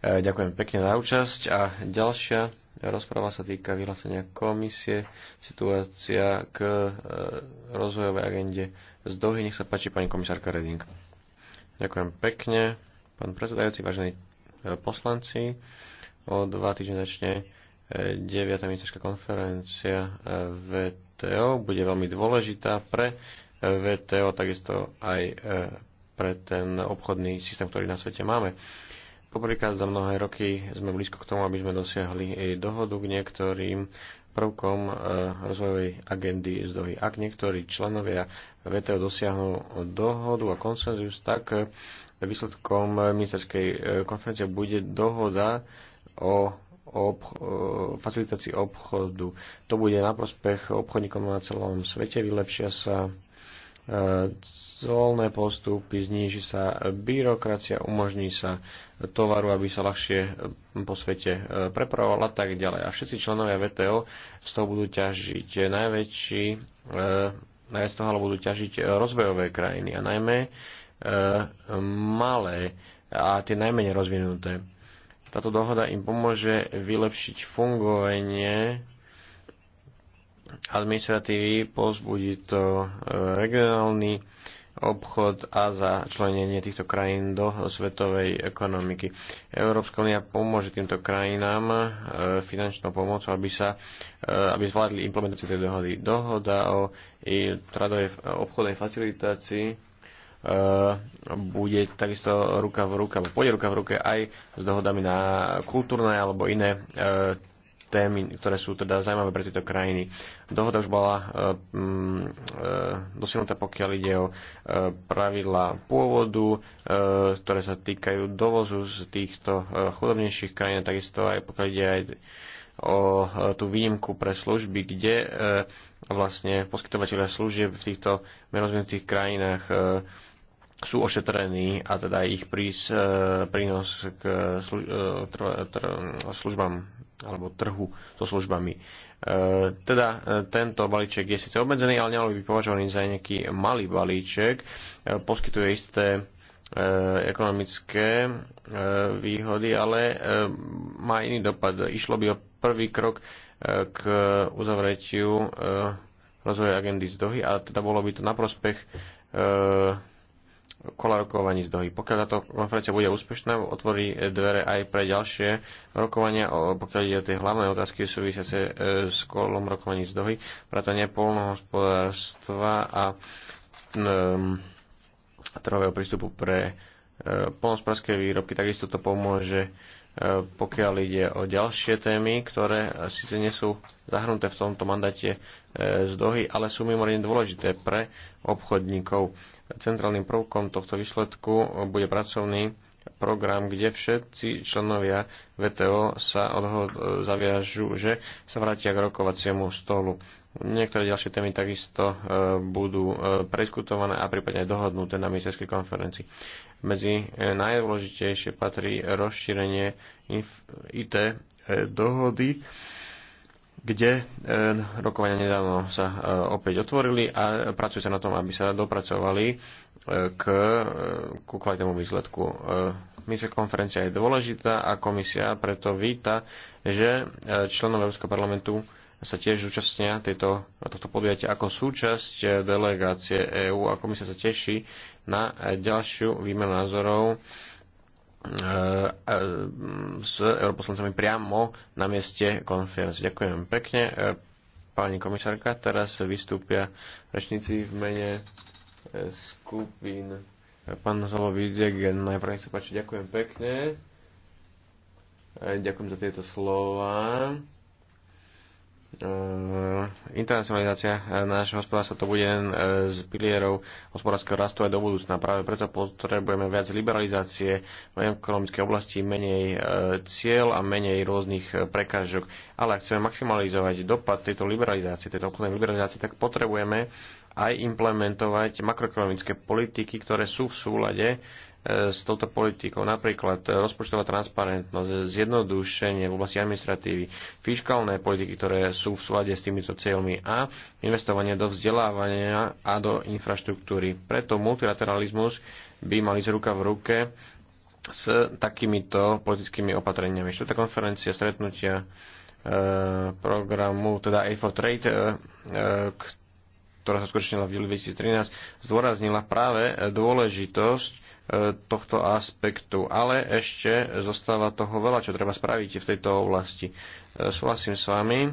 E, ďakujem pekne za účasť a ďalšia rozpráva sa týka vyhlásenia komisie, situácia k e, rozvojovej agende z Dohy. Nech sa páči pani komisárka Reding. Ďakujem pekne, pán predsedajúci, vážení e, poslanci. O dva týždne začne 9. ministerská konferencia VTO. Bude veľmi dôležitá pre VTO, takisto aj pre ten obchodný systém, ktorý na svete máme Poprvýkrát za mnohé roky sme blízko k tomu, aby sme dosiahli dohodu k niektorým prvkom e, rozvojovej agendy z Dohy. Ak niektorí členovia VTO dosiahnu dohodu a konsenzus, tak e, výsledkom ministerskej e, konferencie bude dohoda o obch- facilitácii obchodu. To bude na prospech obchodníkom na celom svete, vylepšia sa colné postupy, zníži sa byrokracia, umožní sa tovaru, aby sa ľahšie po svete e, prepravoval a tak ďalej. A všetci členovia VTO z toho budú ťažiť najväčší, z e, toho budú ťažiť rozvojové krajiny a najmä e, malé a tie najmenej rozvinuté. Táto dohoda im pomôže vylepšiť fungovanie administratívy, pozbudí to e, regionálny obchod a začlenenie týchto krajín do svetovej ekonomiky. Európska únia pomôže týmto krajinám e, finančnou pomocou, aby, sa, e, aby zvládli implementáciu tej dohody. Dohoda o tradovej obchodnej facilitácii bude takisto ruka v ruka, alebo pôjde ruka v ruke aj s dohodami na kultúrne alebo iné témy, ktoré sú teda zaujímavé pre tieto krajiny. Dohoda už bola eh, mm, eh, dosiahnutá, pokiaľ ide o eh, pravidlá pôvodu, ktoré sa týkajú dovozu z týchto chudobnejších krajín, takisto aj pokiaľ ide aj o tú výnimku pre služby, kde vlastne poskytovateľia služieb v týchto nerozvinutých krajinách sú ošetrení a teda ich prís, prínos k služ, tr, tr, službám alebo trhu so službami. E, teda e, tento balíček je síce obmedzený, ale nemalo by považovaný za nejaký malý balíček. E, poskytuje isté e, ekonomické e, výhody, ale e, má iný dopad. Išlo by o prvý krok e, k uzavretiu e, rozvoja agendy z Dohy a teda bolo by to na prospech e, kolarokovaní rokovaní z Dohy. Pokiaľ táto konferencia bude úspešná, otvorí e, dvere aj pre ďalšie rokovania, pokiaľ ide o tie hlavné otázky súvisiace e, s kolom rokovaní z Dohy, vrátanie polnohospodárstva a um, trhového prístupu pre uh, polnohospodárske výrobky. Takisto to pomôže pokiaľ ide o ďalšie témy, ktoré síce nie sú zahrnuté v tomto mandáte z dohy, ale sú mimoriadne dôležité pre obchodníkov. Centrálnym prvkom tohto výsledku bude pracovný program, kde všetci členovia VTO sa odhod e, zaviažu, že sa vrátia k rokovaciemu stolu. Niektoré ďalšie témy takisto e, budú e, preskutované a prípadne dohodnuté na ministerskej konferencii. Medzi najdôležitejšie patrí rozšírenie IT dohody, kde e, rokovania nedávno sa e, opäť otvorili a pracuje sa na tom, aby sa dopracovali e, k, ku kvalitnému výsledku. Misia konferencia je dôležitá a komisia preto víta, že členov Európskeho parlamentu sa tiež zúčastnia tejto, tohto podujatia ako súčasť delegácie EÚ a komisia sa teší na ďalšiu výmenu názorov E, s europoslancami priamo na mieste konferencie. Ďakujem pekne. E, pani komisárka, teraz vystúpia rečníci v mene e, skupín. Pán Zolovidegen, najprv nech sa páči, ďakujem pekne. Ďakujem za tieto slova. Eh, internacionalizácia eh, nášho hospodárstva to bude jeden eh, z pilierov hospodárskeho rastu aj do budúcna. Práve preto potrebujeme viac liberalizácie v ekonomickej oblasti, menej cieľ a menej rôznych prekážok. Ale ak chceme maximalizovať dopad tejto liberalizácie, tejto obchodnej liberalizácie, tak potrebujeme aj implementovať makroekonomické politiky, ktoré sú v súlade E, s touto politikou, napríklad e, rozpočtová transparentnosť, zjednodušenie v oblasti administratívy, fiskálne politiky, ktoré sú v súlade s týmito cieľmi a investovanie do vzdelávania a do infraštruktúry. Preto multilateralizmus by mal ísť ruka v ruke s takýmito politickými opatreniami. Štvrtá konferencia stretnutia e, programu, teda Aid for Trade, ktorá sa skutočnila v júli 2013, zdôraznila práve dôležitosť tohto aspektu, ale ešte zostáva toho veľa, čo treba spraviť v tejto oblasti. E, súhlasím s vami, e,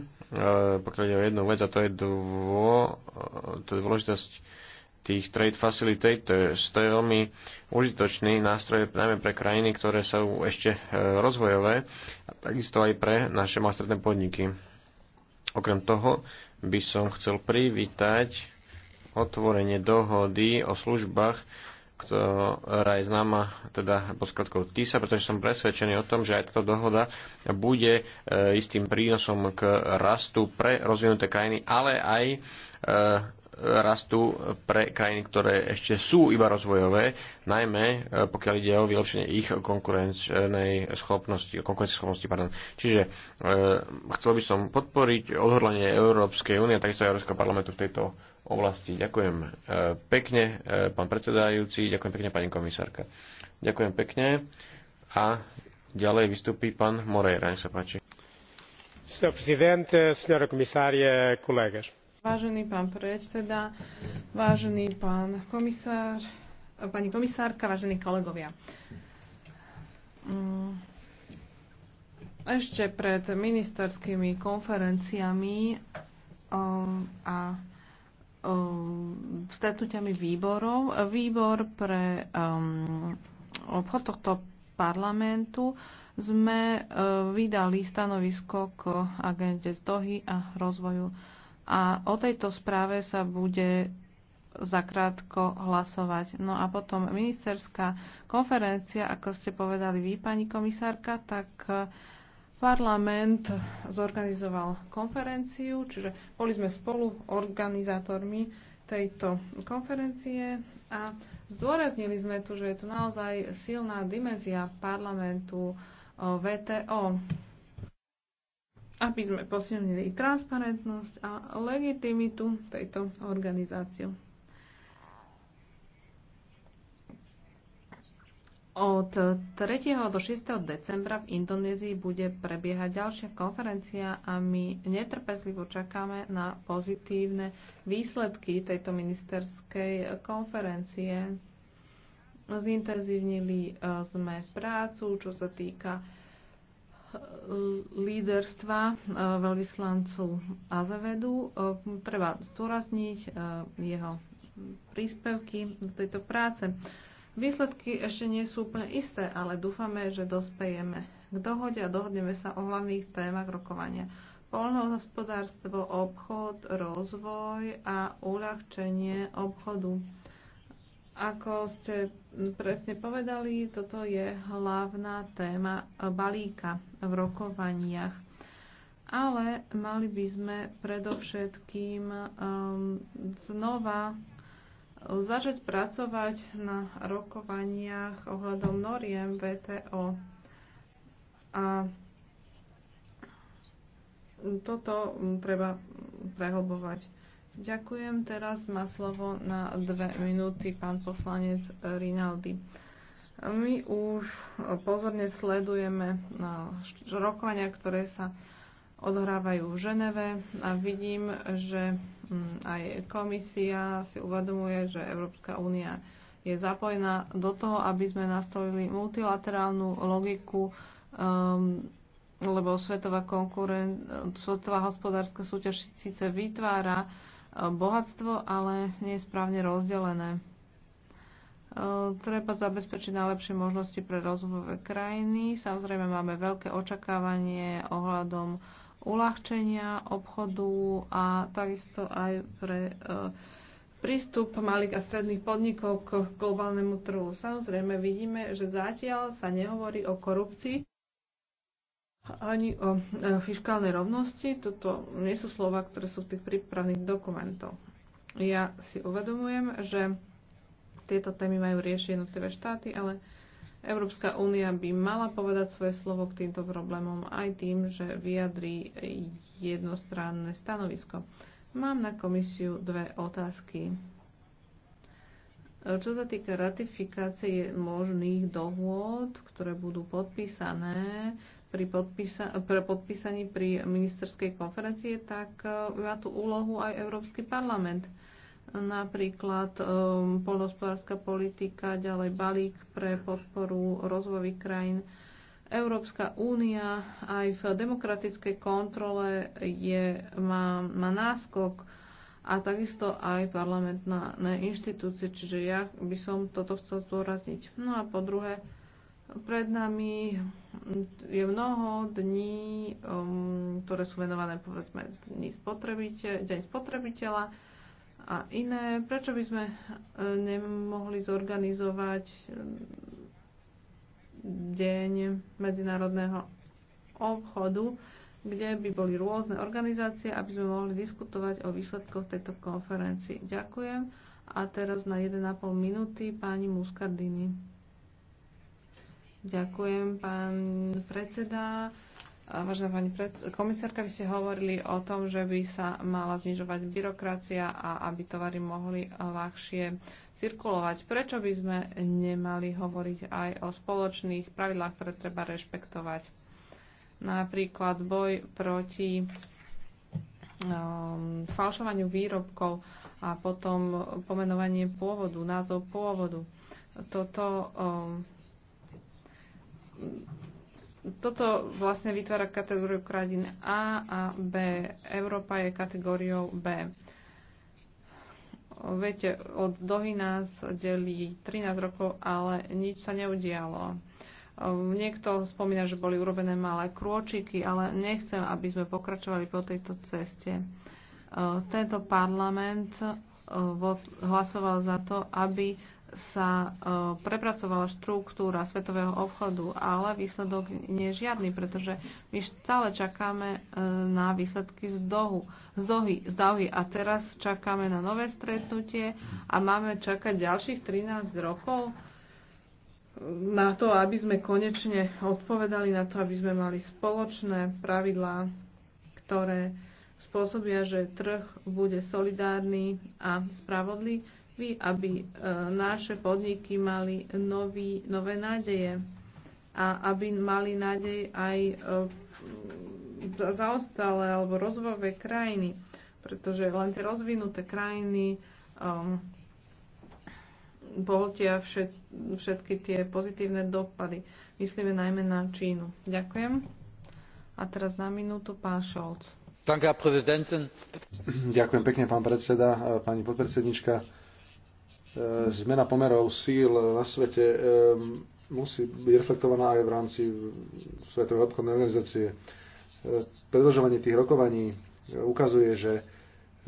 pokiaľ ide o jednu vec, a to je, dvo, to je dôležitosť tých trade facilitators. To je veľmi užitočný nástroj, najmä pre krajiny, ktoré sú ešte e, rozvojové, a takisto aj pre naše malostredné podniky. Okrem toho by som chcel privítať otvorenie dohody o službách ktorá je známa teda pod TISA, pretože som presvedčený o tom, že aj táto dohoda bude e, istým prínosom k rastu pre rozvinuté krajiny, ale aj e, rastu pre krajiny, ktoré ešte sú iba rozvojové, najmä e, pokiaľ ide o vylepšenie ich konkurenčnej schopnosti, schopnosti Pardon. Čiže e, chcel by som podporiť odhodlanie Európskej únie a takisto Európskeho parlamentu v tejto oblasti. Ďakujem e, pekne, e, pán predsedajúci, ďakujem pekne, pani komisárka. Ďakujem pekne a ďalej vystúpi pán Moreira, nech sa páči. Vážený pán predseda, vážený pán komisár, pani komisárka, vážení kolegovia. Mm. Ešte pred ministerskými konferenciami mm, a statúťami výborov. Výbor pre um, obchod tohto parlamentu sme uh, vydali stanovisko k Agende z Dohy a rozvoju. A o tejto správe sa bude zakrátko hlasovať. No a potom ministerská konferencia, ako ste povedali vy, pani komisárka, tak uh, Parlament zorganizoval konferenciu, čiže boli sme spolu organizátormi tejto konferencie a zdôraznili sme tu, že je to naozaj silná dimenzia parlamentu VTO, aby sme posilnili transparentnosť a legitimitu tejto organizácie. Od 3. do 6. decembra v Indonézii bude prebiehať ďalšia konferencia a my netrpezlivo čakáme na pozitívne výsledky tejto ministerskej konferencie. Zintenzívnili e, sme prácu, čo sa týka e, líderstva e, veľvyslancu Azevedu. Treba zdôrazniť jeho príspevky do tejto práce. Výsledky ešte nie sú úplne isté, ale dúfame, že dospejeme k dohode a dohodneme sa o hlavných témach rokovania. Polnohospodárstvo, obchod, rozvoj a uľahčenie obchodu. Ako ste presne povedali, toto je hlavná téma balíka v rokovaniach. Ale mali by sme predovšetkým um, znova začať pracovať na rokovaniach ohľadom noriem VTO. A toto treba prehlbovať. Ďakujem. Teraz má slovo na dve minúty pán poslanec Rinaldi. My už pozorne sledujeme rokovania, ktoré sa odhrávajú v Ženeve a vidím, že mm, aj komisia si uvedomuje, že Európska únia je zapojená do toho, aby sme nastavili multilaterálnu logiku, um, lebo svetová, konkuren- svetová hospodárska súťaž síce vytvára e, bohatstvo, ale nie je správne rozdelené. E, treba zabezpečiť najlepšie možnosti pre rozvojové krajiny. Samozrejme máme veľké očakávanie ohľadom uľahčenia obchodu a takisto aj pre e, prístup malých a stredných podnikov k globálnemu trhu. Samozrejme vidíme, že zatiaľ sa nehovorí o korupcii ani o e, fiskálnej rovnosti. Toto nie sú slova, ktoré sú v tých prípravných dokumentoch. Ja si uvedomujem, že tieto témy majú riešiť jednotlivé štáty, ale Európska únia by mala povedať svoje slovo k týmto problémom aj tým, že vyjadrí jednostranné stanovisko. Mám na komisiu dve otázky. Čo sa týka ratifikácie možných dohôd, ktoré budú podpísané pri podpisa- pre podpísaní pri ministerskej konferencie, tak má tu úlohu aj Európsky parlament napríklad um, polnospodárska politika, ďalej balík pre podporu rozvojových krajín. Európska únia aj v demokratickej kontrole je, má, má náskok a takisto aj parlamentné inštitúcie, čiže ja by som toto chcel zdôrazniť. No a po druhé, pred nami je mnoho dní, um, ktoré sú venované povedzme dní spotrebite, deň spotrebiteľa, a iné. Prečo by sme e, nemohli zorganizovať e, deň medzinárodného obchodu, kde by boli rôzne organizácie, aby sme mohli diskutovať o výsledkoch tejto konferencii. Ďakujem. A teraz na 1,5 minúty pani Muscardini. Ďakujem, pán predseda. Vážená pani komisárka, vy ste hovorili o tom, že by sa mala znižovať byrokracia a aby tovary mohli ľahšie cirkulovať. Prečo by sme nemali hovoriť aj o spoločných pravidlách, ktoré treba rešpektovať? Napríklad boj proti um, falšovaniu výrobkov a potom pomenovanie pôvodu, názov pôvodu. Toto um, toto vlastne vytvára kategóriu krajín A a B. Európa je kategóriou B. Viete, od Dohy nás delí 13 rokov, ale nič sa neudialo. Niekto spomína, že boli urobené malé krôčiky, ale nechcem, aby sme pokračovali po tejto ceste. Tento parlament eh, hlasoval za to, aby sa e, prepracovala štruktúra svetového obchodu, ale výsledok nie je žiadny, pretože my stále čakáme e, na výsledky z, dohu, z, dohy, z dohy a teraz čakáme na nové stretnutie a máme čakať ďalších 13 rokov na to, aby sme konečne odpovedali, na to, aby sme mali spoločné pravidlá, ktoré spôsobia, že trh bude solidárny a spravodlivý aby e, naše podniky mali nový, nové nádeje a aby mali nádej aj e, zaostalé alebo rozvojové krajiny, pretože len tie rozvinuté krajiny um, boltia všet, všetky tie pozitívne dopady. Myslíme najmä na Čínu. Ďakujem. A teraz na minútu pán Šolc. Ďakujem pekne, pán predseda, e, pani podpredsednička Eh, zmena pomerov síl na svete eh, musí byť reflektovaná aj v rámci Svetovej obchodnej organizácie. Eh, predlžovanie tých rokovaní ukazuje, že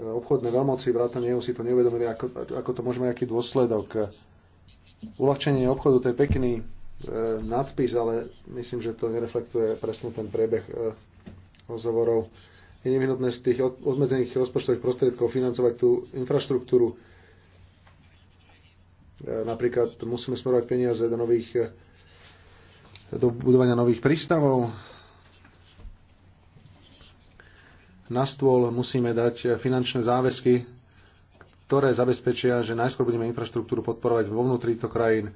obchodné veľmoci vrátane EU si to neuvedomili, ako, ako to môžeme aký dôsledok. Uľahčenie obchodu to je pekný e, nadpis, ale myslím, že to nereflektuje presne ten priebeh e, rozhovorov. Je nevyhnutné z tých od, obmedzených rozpočtových prostriedkov financovať tú infraštruktúru, E, napríklad musíme smerovať peniaze do nových e, do budovania nových prístavov. Na stôl musíme dať finančné záväzky, ktoré zabezpečia, že najskôr budeme infraštruktúru podporovať vo vnútri týchto krajín.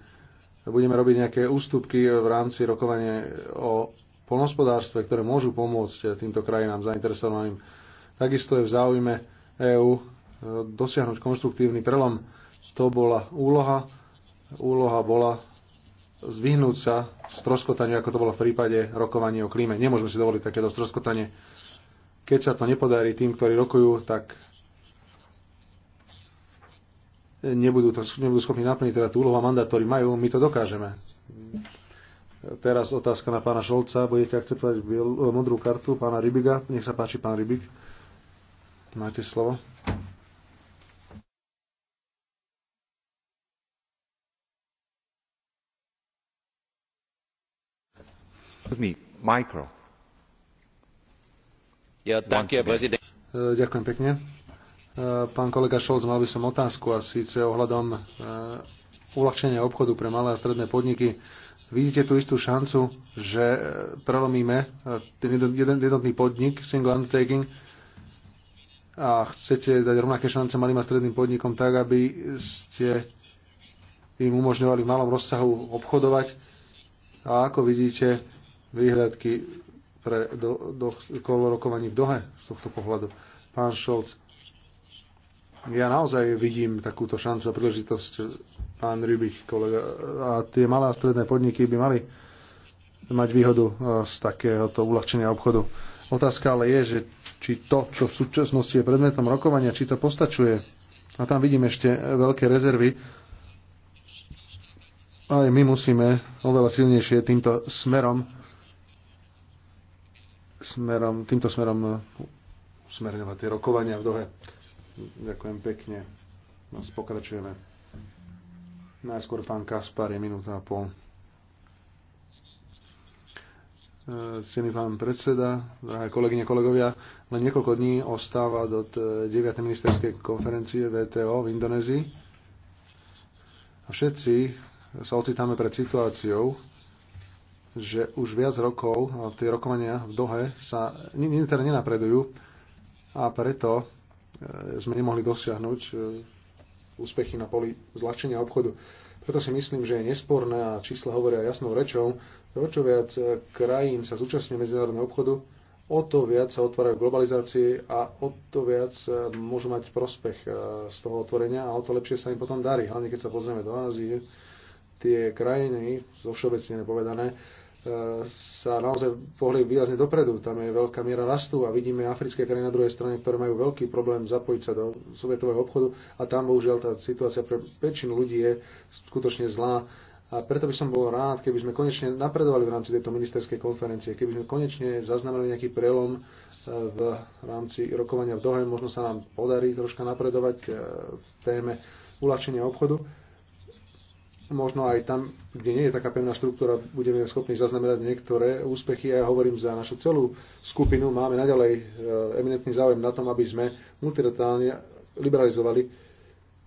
Budeme robiť nejaké ústupky v rámci rokovania o polnospodárstve, ktoré môžu pomôcť týmto krajinám zainteresovaným. Takisto je v záujme EÚ e, dosiahnuť konštruktívny prelom to bola úloha. Úloha bola zvyhnúť sa stroskotaniu, ako to bolo v prípade rokovania o klíme. Nemôžeme si dovoliť takéto stroskotanie. Keď sa to nepodarí tým, ktorí rokujú, tak nebudú, to, nebudú schopní naplniť teda tú úlohu a mandát, ktorý majú. My to dokážeme. Teraz otázka na pána Šolca. Budete akceptovať modrú kartu pána Rybiga? Nech sa páči, pán Rybik. Máte slovo. Ďakujem pekne. Pán kolega Šolc, mal by som otázku a síce ohľadom uľahčenia obchodu pre malé a stredné podniky. Vidíte tú istú šancu, že prelomíme ten jednotný podnik, single undertaking, a chcete dať rovnaké šance malým a stredným podnikom tak, aby ste im umožňovali v malom rozsahu obchodovať. A ako vidíte výhľadky pre do, do, kolo rokovaní v Dohe z tohto pohľadu. Pán Šolc, ja naozaj vidím takúto šancu a príležitosť, pán Rybich, kolega, a tie malé a stredné podniky by mali mať výhodu e, z takéhoto uľahčenia obchodu. Otázka ale je, že či to, čo v súčasnosti je predmetom rokovania, či to postačuje. A tam vidím ešte veľké rezervy. Aj my musíme oveľa silnejšie týmto smerom smerom, týmto smerom eh, usmerňovať tie rokovania v Dohe. Ďakujem pekne. Nás no, pokračujeme. Najskôr pán Kaspar je minúta a pol. Stený eh, pán predseda, drahé kolegyne, kolegovia, len niekoľko dní ostáva do 9. ministerskej konferencie VTO v Indonézii. A všetci sa ocitáme pred situáciou, že už viac rokov tie rokovania v Dohe sa teda nenapredujú a preto e, sme nemohli dosiahnuť e, úspechy na poli zľahčenia obchodu. Preto si myslím, že je nesporné a čísla hovoria jasnou rečou, že o čo viac e, krajín sa zúčastňuje medzinárodného obchodu, o to viac sa otvárajú globalizácii a o to viac môžu mať prospech z toho otvorenia a o to lepšie sa im potom darí. Hlavne keď sa pozrieme do Ázie, tie krajiny, zo všeobecne povedané, sa naozaj pohli výrazne dopredu. Tam je veľká miera rastu a vidíme africké krajiny na druhej strane, ktoré majú veľký problém zapojiť sa do svetového obchodu a tam bohužiaľ tá situácia pre väčšinu ľudí je skutočne zlá. A preto by som bol rád, keby sme konečne napredovali v rámci tejto ministerskej konferencie, keby sme konečne zaznamenali nejaký prelom e, v rámci rokovania v Dohe, možno sa nám podarí troška napredovať e, v téme uľahčenia obchodu možno aj tam, kde nie je taká pevná štruktúra, budeme schopní zaznamenať niektoré úspechy. A Ja hovorím za našu celú skupinu, máme naďalej e, eminentný záujem na tom, aby sme multilaterálne liberalizovali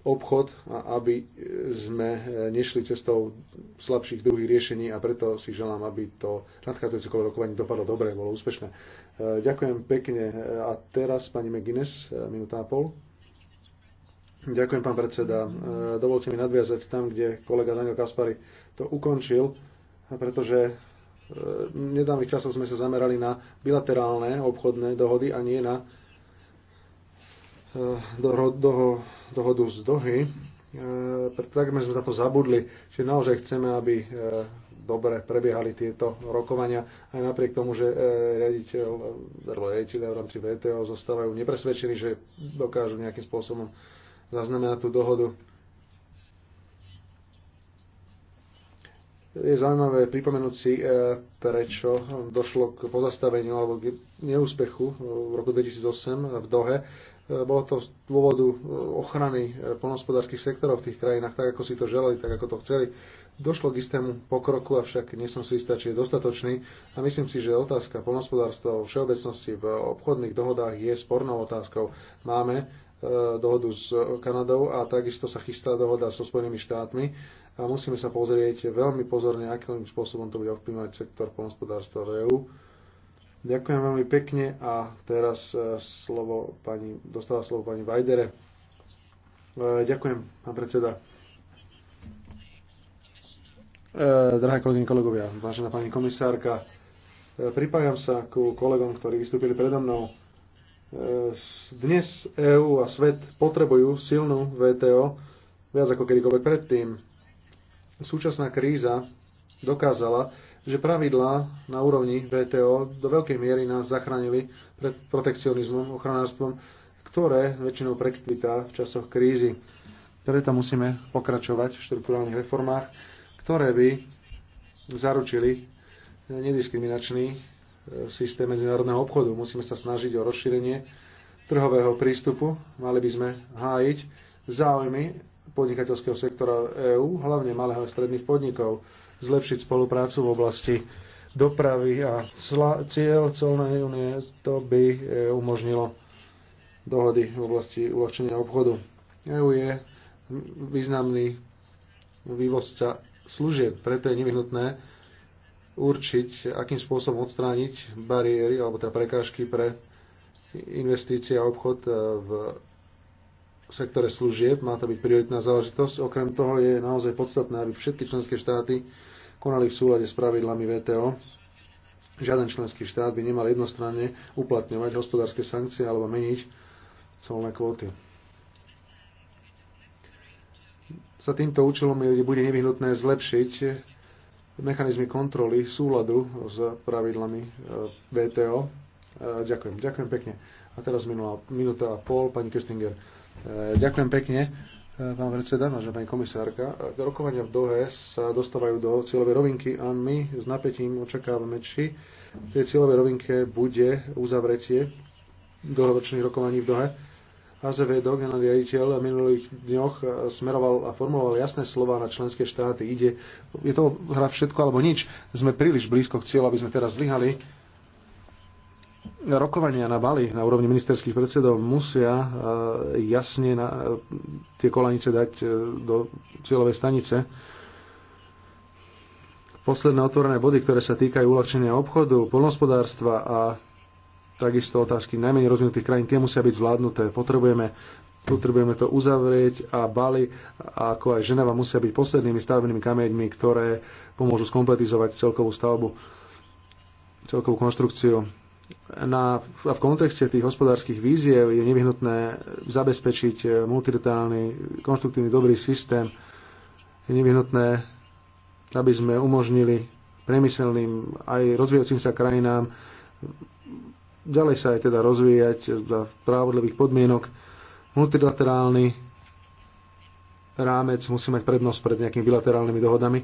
obchod a aby e, sme e, nešli cestou slabších druhých riešení a preto si želám, aby to nadchádzajúce kolo rokovaní dopadlo dobre, bolo úspešné. Ďakujem pekne. A teraz pani McGuinness, minúta a pol. Ďakujem, pán predseda. E, dovolte mi nadviazať tam, kde kolega Daniel Kaspari to ukončil, pretože e, nedávnych časov sme sa zamerali na bilaterálne obchodné dohody a nie na e, dohodu z Dohy. Tak sme na to zabudli, že naozaj chceme, aby dobre prebiehali tieto rokovania, aj napriek tomu, že riaditeľ, alebo riaditeľia v rámci VTO zostávajú nepresvedčení, že dokážu nejakým spôsobom zaznamená tú dohodu. Je zaujímavé pripomenúť si, e, prečo došlo k pozastaveniu alebo k neúspechu v roku 2008 v Dohe. E, bolo to z dôvodu e, ochrany polnospodárských sektorov v tých krajinách, tak ako si to želali, tak ako to chceli. Došlo k istému pokroku, avšak nie som si istá, či je dostatočný. A myslím si, že otázka polnospodárstva vo všeobecnosti v obchodných dohodách je spornou otázkou. Máme E, dohodu s Kanadou a takisto sa chystá dohoda so Spojenými štátmi a musíme sa pozrieť veľmi pozorne, akým spôsobom to bude ovplyvňovať sektor polnospodárstva v EÚ. Ďakujem veľmi pekne a teraz e, slovo pani, dostáva slovo pani Vajdere. E, ďakujem, pán predseda. Drahé kolegyne, kolegovia, vážená pani komisárka, pripájam sa ku kolegom, ktorí vystúpili predo mnou dnes EÚ a svet potrebujú silnú VTO viac ako kedykoľvek predtým. Súčasná kríza dokázala, že pravidlá na úrovni VTO do veľkej miery nás zachránili pred protekcionizmom, ochranárstvom, ktoré väčšinou prekvitá v časoch krízy. Preto musíme pokračovať v štruktúrálnych reformách, ktoré by zaručili nediskriminačný systém medzinárodného obchodu. Musíme sa snažiť o rozšírenie trhového prístupu. Mali by sme hájiť záujmy podnikateľského sektora EÚ, hlavne malého a stredných podnikov, zlepšiť spoluprácu v oblasti dopravy a cieľ celnej únie, to by e, umožnilo dohody v oblasti uľahčenia obchodu. EÚ je významný vývozca služieb, preto je nevyhnutné určiť, akým spôsobom odstrániť bariéry alebo teda prekážky pre investície a obchod e, v sektore služieb. Má to byť prioritná záležitosť. Okrem toho je naozaj podstatné, aby všetky členské štáty konali v súlade s pravidlami VTO. Žiaden členský štát by nemal jednostranne uplatňovať hospodárske sankcie alebo meniť colné kvóty. Za týmto účelom bude nevyhnutné zlepšiť mechanizmy kontroly súladu s pravidlami e, VTO. E, ďakujem, ďakujem pekne. A teraz minula, minúta a pol, pani Köstinger. E, ďakujem pekne, pán predseda, vážená pani komisárka. Rokovania v Dohe sa dostávajú do cieľovej rovinky a my s napätím očakávame, či v tej cieľovej rovinke bude uzavretie dlhoročných rokovaní v Dohe HZV generálny riaditeľ, v minulých dňoch e, smeroval a formuloval jasné slova na členské štáty. Ide, je to hra všetko alebo nič. Sme príliš blízko k cieľu, aby sme teraz zlyhali. Rokovania na Bali na úrovni ministerských predsedov musia e, jasne na, e, tie kolanice dať do cieľovej stanice posledné otvorené body, ktoré sa týkajú uľahčenia obchodu, polnospodárstva a Takisto otázky najmenej rozvinutých krajín, tie musia byť zvládnuté. Potrebujeme potrebujeme to uzavrieť a Bali, ako aj Ženeva, musia byť poslednými stavebnými kameňmi, ktoré pomôžu skompletizovať celkovú stavbu, celkovú konštrukciu. Na, a v kontexte tých hospodárskych víziev je nevyhnutné zabezpečiť multilaterálny, konštruktívny, dobrý systém. Je nevyhnutné, aby sme umožnili priemyselným aj rozvíjajúcim sa krajinám ďalej sa aj teda rozvíjať za právodlivých podmienok. Multilaterálny rámec musí mať prednosť pred nejakými bilaterálnymi dohodami.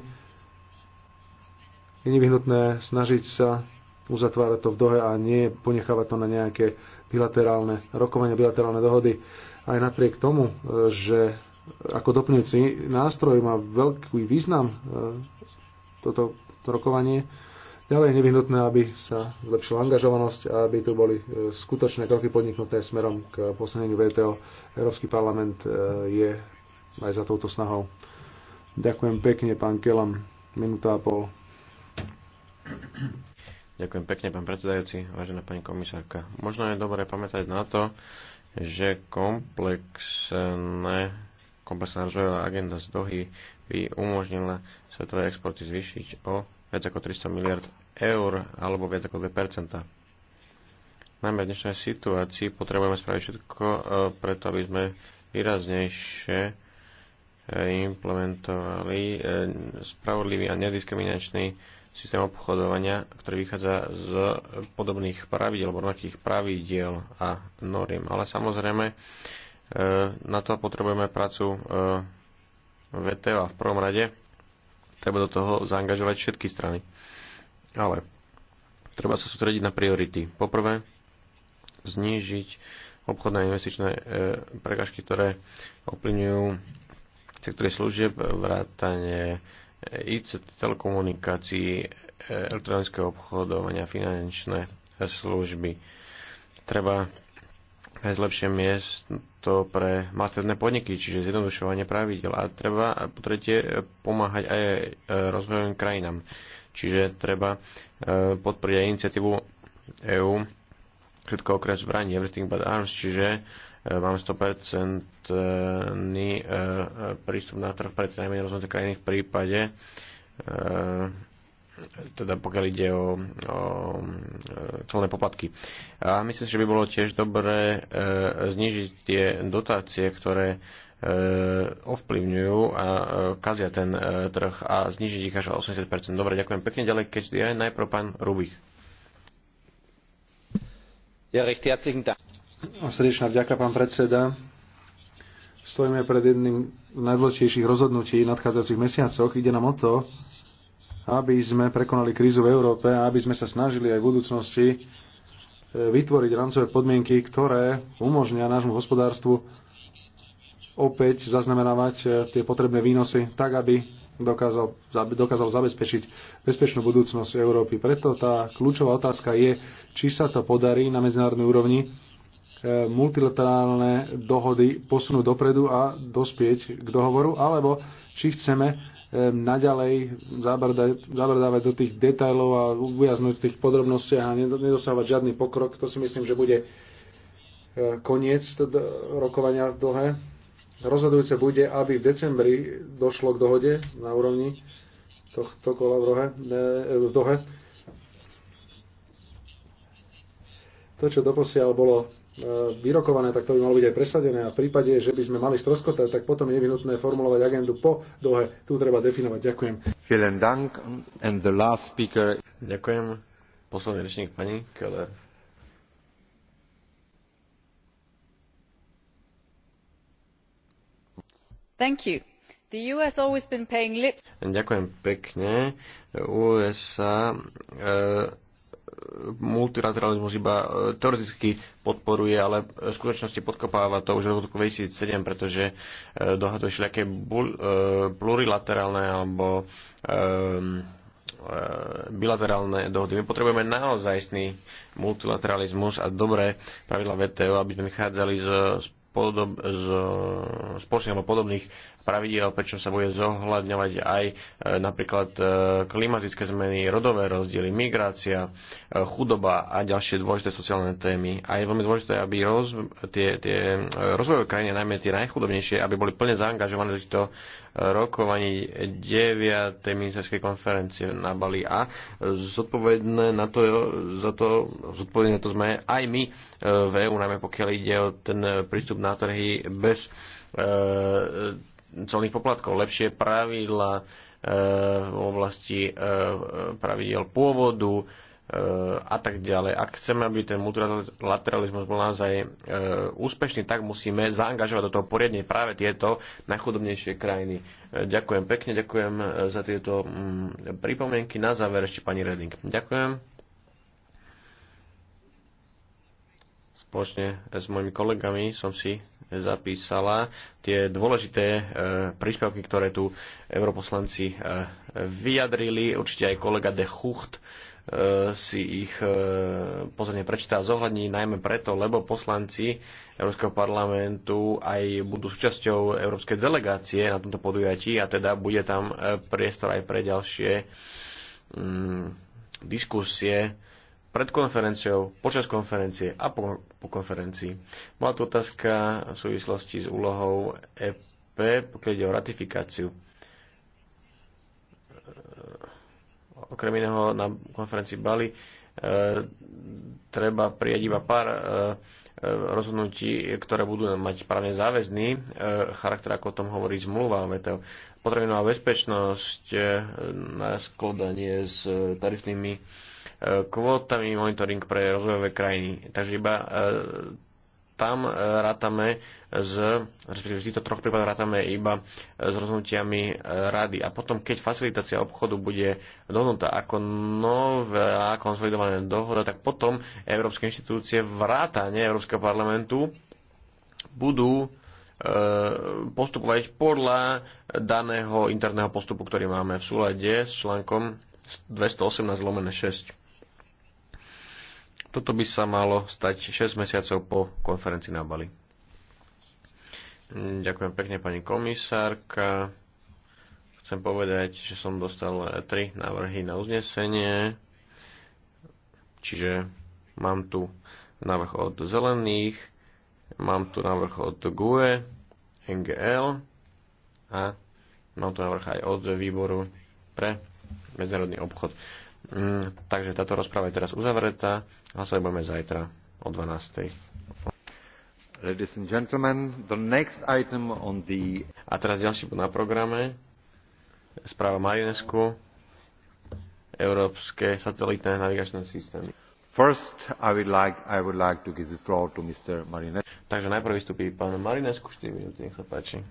Je nevyhnutné snažiť sa uzatvárať to v dohe a nie ponechávať to na nejaké bilaterálne rokovania, bilaterálne dohody. Aj napriek tomu, že ako doplňujúci nástroj má veľký význam e, toto rokovanie, Ďalej je nevyhnutné, aby sa zlepšila angažovanosť a aby tu boli e, skutočné kroky podniknuté smerom k posilneniu VTO. Európsky parlament e, je aj za touto snahou. Ďakujem pekne, pán Kelam. Minúta a pol. Ďakujem pekne, pán predsedajúci, vážená pani komisárka. Možno je dobré pamätať na to, že komplexné komplexná rozvojová agenda z Dohy by umožnila svetové exporty zvýšiť o viac ako 300 miliard eur alebo viac ako 2%. Najmä v dnešnej situácii potrebujeme spraviť všetko e, preto, aby sme výraznejšie e, implementovali e, spravodlivý a nediskriminačný systém obchodovania, ktorý vychádza z podobných pravidel, rovnakých pravidiel a noriem. Ale samozrejme, na to potrebujeme prácu VTO a v prvom rade Treba do toho zaangažovať všetky strany. Ale treba sa sústrediť na priority. Poprvé, znížiť obchodné a investičné e, prekažky, ktoré ovplyvňujú sektory služieb, vrátanie IC, e, telekomunikácií, e, elektronického obchodovania, finančné služby. Treba zlepšie miesto pre masterné podniky, čiže zjednodušovanie pravidel. A treba po tretie pomáhať aj e, rozvojovým krajinám. Čiže treba e, podporiť aj iniciatívu EÚ všetko okrem zbraní, everything but arms, čiže e, mám 100% prístup na trh pre najmenej rozvojové krajiny v prípade teda pokiaľ ide o, o e, celné poplatky. A myslím že by bolo tiež dobré e, znižiť tie dotácie, ktoré e, ovplyvňujú a e, kazia ten e, trh a znižiť ich až o 80%. Dobre, ďakujem pekne. Ďalej, keď je najprv pán Rubich. Ja recht herzlichen Dank. Srdečná vďaka, pán predseda. Stojíme pred jedným z najdôležitejších rozhodnutí v nadchádzajúcich mesiacoch. Ide nám o to, aby sme prekonali krízu v Európe a aby sme sa snažili aj v budúcnosti e, vytvoriť rámcové podmienky, ktoré umožnia nášmu hospodárstvu opäť zaznamenávať e, tie potrebné výnosy, tak aby dokázal, dokázal zabezpečiť bezpečnú budúcnosť Európy. Preto tá kľúčová otázka je, či sa to podarí na medzinárodnej úrovni e, multilaterálne dohody posunúť dopredu a dospieť k dohovoru, alebo či chceme Ehm, naďalej zabrdávať do tých detajlov a ujaznúť v tých podrobnostiach a nedosávať žiadny pokrok. To si myslím, že bude e, koniec rokovania dlhé. Rozhodujúce bude, aby v decembri došlo k dohode na úrovni tohto kola v, rohe, ne, e, v dohe. To, čo doposiaľ bolo E, vyrokované, tak to by malo byť aj presadené a v prípade, že by sme mali stroskotať, tak potom je nevyhnutné formulovať agendu po dohe. Tu treba definovať. Ďakujem. Vielen dank. And the last speaker. Ďakujem. Posledný rečník, pani Keller. Thank you. The US always been paying lip... Ďakujem pekne. USA Uh, e, multilateralizmus iba e, teoreticky podporuje, ale v skutočnosti podkopáva to už od roku 2007, pretože e, dohaduje všelijaké e, plurilaterálne alebo bilaterálne dohody. My potrebujeme naozajstný multilateralizmus a dobré pravidla VTO, aby sme vychádzali z, podob, z spoločných alebo podobných pravidiel, prečo sa bude zohľadňovať aj e, napríklad e, klimatické zmeny, rodové rozdiely, migrácia, e, chudoba a ďalšie dôležité sociálne témy. A je veľmi dôležité, aby roz, tie, tie rozvojové krajiny, najmä tie najchudobnejšie, aby boli plne zaangažované do týchto rokovaní 9. ministerskej konferencie na Bali a zodpovedné na to, za to, zodpovedné to sme aj my v EU, najmä pokiaľ ide o ten prístup na trhy bez colných poplatkov, lepšie pravidla e, v oblasti e, pravidel pôvodu e, a tak ďalej. Ak chceme, aby ten multilateralizmus bol naozaj úspešný, tak musíme zaangažovať do toho poriadne práve tieto najchudobnejšie krajiny. Ďakujem pekne, ďakujem za tieto mm, pripomienky. Na záver ešte pani Reding. Ďakujem. Spoločne s mojimi kolegami som si zapísala tie dôležité e, príspevky, ktoré tu europoslanci e, vyjadrili. Určite aj kolega de e, si ich e, pozorne prečíta a zohľadní najmä preto, lebo poslanci Európskeho parlamentu aj budú súčasťou európskej delegácie na tomto podujatí a teda bude tam priestor aj pre ďalšie mm, diskusie pred konferenciou, počas konferencie a po, po konferencii. Bola tu otázka v súvislosti s úlohou EP, pokiaľ ide o ratifikáciu. Okrem iného na konferencii Bali e, treba prijať iba pár e, e, rozhodnutí, ktoré budú mať právne záväzný e, charakter, ako o tom hovorí zmluva o VTO. Potravinová bezpečnosť, e, skladanie s e, tarifnými kvótami, monitoring pre rozvojové krajiny. Takže iba e, tam e, rátame z, respektíve v týchto troch prípadoch rátame iba s rozhodnutiami e, rady. A potom, keď facilitácia obchodu bude dohodnutá ako nová konsolidovaná dohoda, tak potom európske inštitúcie vrátane Európskeho parlamentu budú postupovať podľa daného interného postupu, ktorý máme v súlade s článkom 218 6. Toto by sa malo stať 6 mesiacov po konferencii na Bali. Mm, ďakujem pekne pani komisárka. Chcem povedať, že som dostal 3 návrhy na uznesenie. Čiže mám tu návrh od zelených, mám tu návrh od GUE, NGL a mám tu návrh aj od výboru pre medzinárodný obchod. Mm, takže táto rozpráva je teraz uzavretá. Hlasovať budeme zajtra o 12. Ladies and gentlemen, the next item on the... A teraz ďalší bod na programe. Správa Marinesku Európske satelitné navigačné systémy. First, I would like, I would like to give the floor to Mr. Marinescu. Takže najprv vystupí pán Marinescu, 4 minúty, nech sa páči.